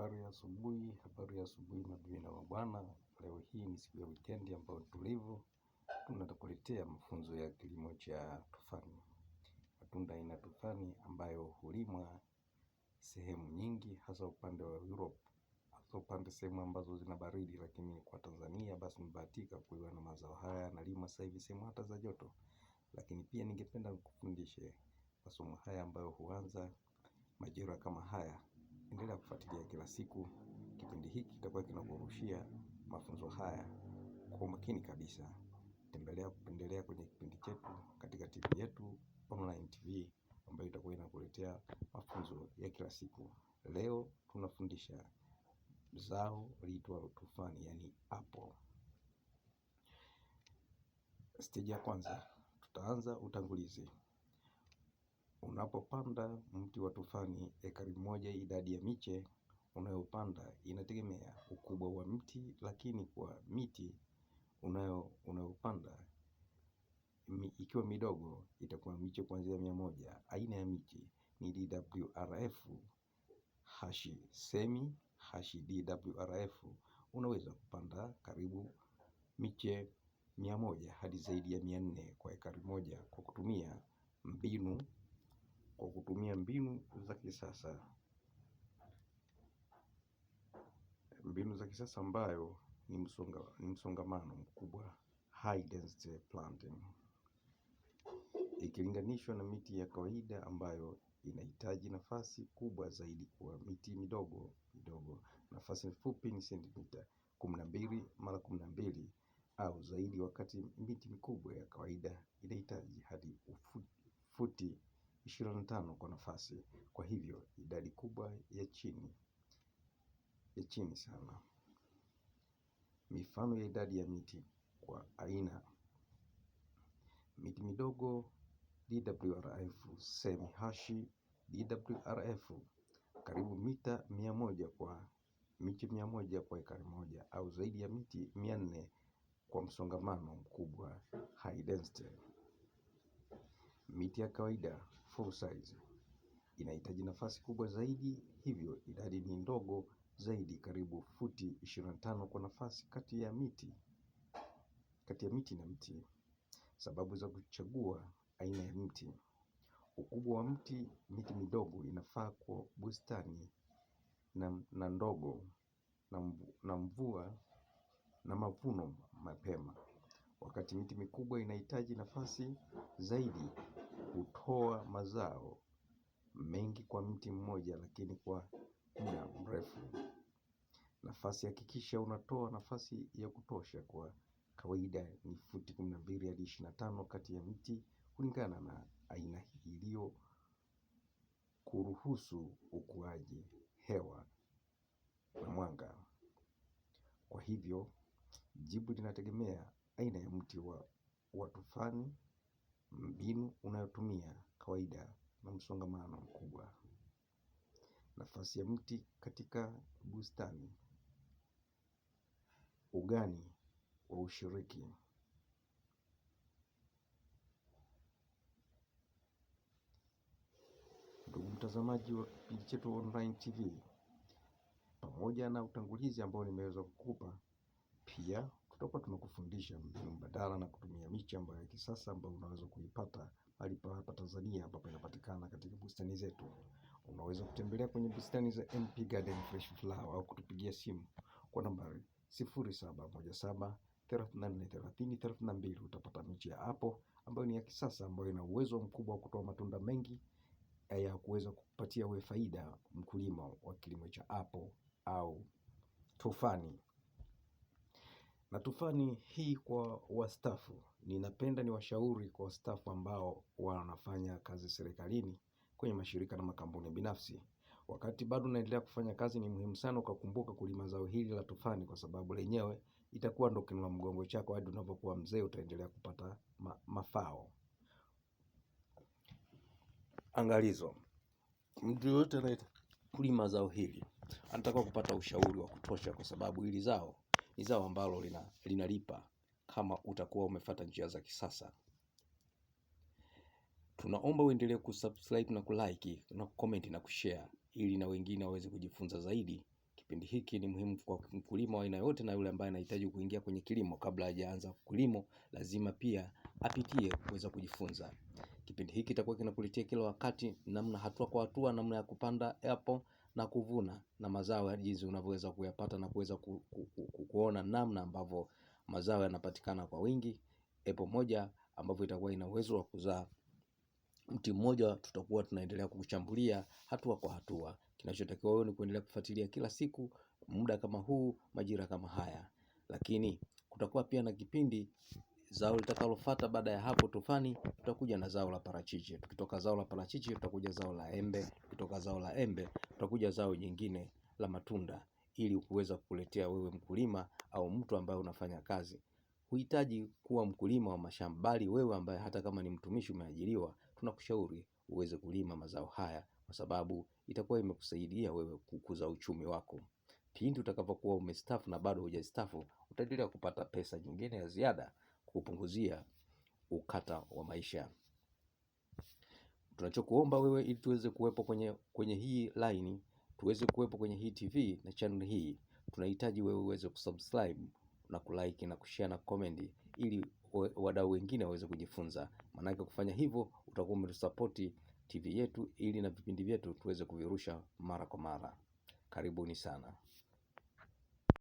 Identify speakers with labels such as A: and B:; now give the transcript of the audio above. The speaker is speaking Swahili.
A: Habari ya asubuhi, habari ya asubuhi mabibi na mabwana. Leo hii ni siku ya wikendi ambayo tulivu, tunakuletea mafunzo ya kilimo cha tufani, matunda aina tufani ambayo hulimwa sehemu nyingi, hasa upande wa Europe, hasa upande sehemu ambazo zina baridi, lakini kwa Tanzania basi tumebahatika kuiwa na mazao haya yanalimwa sasa hivi sehemu hata za joto, lakini pia ningependa kufundishe masomo haya ambayo huanza majira kama haya endelea kufuatilia kila siku. Kipindi hiki kitakuwa kinakurushia mafunzo haya kwa umakini kabisa. Tembelea kupendelea kwenye kipindi chetu katika TV yetu online TV ambayo itakuwa inakuletea mafunzo ya kila siku. Leo tunafundisha zao liitwalo tufani, yani apple. Steji ya kwanza, tutaanza utangulizi. Unapopanda mti wa tufani ekari moja idadi ya miche unayopanda inategemea ukubwa wa mti lakini kwa miti unayo unayopanda ikiwa midogo itakuwa miche kuanzia mia moja. Aina ya miti ni DWRF hashi semi hashi DWRF. Unaweza kupanda karibu miche mia moja hadi zaidi ya mia nne kwa ekari moja kwa kutumia mbinu kwa kutumia mbinu za kisasa, mbinu za kisasa ambayo ni, msonga, ni msongamano mkubwa high density planting ikilinganishwa na miti ya kawaida ambayo inahitaji nafasi kubwa zaidi kwa miti midogo midogo. Nafasi fupi ni sentimita kumi na mbili mara kumi na mbili au zaidi, wakati miti mikubwa ya kawaida inahitaji hadi futi 25 kwa nafasi. Kwa hivyo idadi kubwa ya chini ya chini sana. Mifano ya idadi ya miti kwa aina. Miti midogo DWRF semi-hashi DWRF karibu mita mia moja kwa miti mia moja kwa ekari moja au zaidi ya miti mia nne kwa msongamano mkubwa high density. Miti ya kawaida fursa hizi. Inahitaji nafasi kubwa zaidi, hivyo idadi ni ndogo zaidi, karibu futi 25 kwa nafasi kati ya miti kati ya miti na mti. Sababu za kuchagua aina ya mti: ukubwa wa mti, miti midogo inafaa kwa bustani na, na ndogo na, mvu, na mvua na mavuno mapema, wakati miti mikubwa inahitaji nafasi zaidi Hutoa mazao mengi kwa mti mmoja lakini kwa muda mrefu. Nafasi hakikisha unatoa nafasi ya kutosha kwa kawaida ni futi kumi na mbili hadi ishirini na tano kati ya mti kulingana na aina hii iliyo kuruhusu ukuaji hewa na mwanga. Kwa hivyo, jibu linategemea aina ya mti wa tufani mbinu unayotumia kawaida na msongamano mkubwa. Nafasi ya mti katika bustani. Ugani wa ushiriki. Ndugu mtazamaji wa kipindi chetu online TV, pamoja na utangulizi ambao nimeweza kukupa, pia tutakuwa tunakufundisha mbinu mbadala na kutumia miche ambayo ya kisasa ambayo unaweza kuipata hapa Tanzania ambapo inapatikana katika bustani zetu. Unaweza kutembelea kwenye bustani za MP Garden Fresh Flower au kutupigia simu kwa nambari 0717 mbili utapata miche ya hapo ambayo ni ya kisasa ambayo ina uwezo mkubwa wa kutoa matunda mengi ya kuweza kupatia wewe faida mkulima wa kilimo cha hapo au tufani na tufani hii kwa wastaafu, ninapenda ni washauri kwa wastaafu ambao wanafanya kazi serikalini kwenye mashirika na makampuni binafsi. Wakati bado unaendelea kufanya kazi, ni muhimu sana ukakumbuka kulima zao hili la tufani, kwa sababu lenyewe itakuwa ndo kinua mgongo chako hadi unapokuwa mzee, utaendelea kupata ma mafao. Angalizo, mtu yoyote anaye kulima zao hili anatakiwa kupata ushauri wa kutosha, kwa sababu hili zao ni zao ambalo lina, linalipa kama utakuwa umefata njia za kisasa. Tunaomba uendelee kusubscribe na kulike na kucomment na kushare ili na wengine waweze kujifunza zaidi. Kipindi hiki ni muhimu kwa mkulima wa aina yote na yule ambaye anahitaji kuingia kwenye kilimo. Kabla hajaanza kulimo, lazima pia apitie kuweza kujifunza. Kipindi hiki kitakuwa kinakuletea kila wakati namna, hatua kwa hatua, namna ya kupanda apple na kuvuna na mazao ya jinsi unavyoweza kuyapata na kuweza ku, ku, ku, ku, kuona namna ambavyo mazao yanapatikana kwa wingi. Epo moja ambavyo itakuwa ina uwezo wa kuzaa mti mmoja, tutakuwa tunaendelea kukuchambulia hatua kwa hatua. Kinachotakiwa wewe ni kuendelea kufuatilia kila siku, muda kama huu, majira kama haya, lakini kutakuwa pia na kipindi zao litakalofuata baada ya hapo tufani, tutakuja na zao la parachichi. Tukitoka zao la parachichi, tutakuja zao la embe. Tukitoka zao la embe, tutakuja zao jingine la matunda, ili kuweza kukuletea wewe mkulima au mtu ambaye unafanya kazi. Huhitaji kuwa mkulima wa mashamba, bali wewe ambaye hata kama ni mtumishi umeajiriwa, tunakushauri uweze kulima mazao haya, kwa sababu itakuwa imekusaidia wewe kukuza uchumi wako. Pindi utakapokuwa umestafu na bado hujastafu utaendelea kupata pesa nyingine ya ziada kupunguzia ukata wa maisha. Tunachokuomba wewe ili tuweze kuwepo kwenye, kwenye hii line tuweze kuwepo kwenye hii TV na channel hii, tunahitaji wewe uweze kusubscribe na kulike na kushare na comment ili wadau wengine waweze kujifunza. Maanake kufanya hivyo utakuwa umetusapoti TV yetu ili na vipindi vyetu tuweze kuvirusha mara kwa mara. Karibuni sana.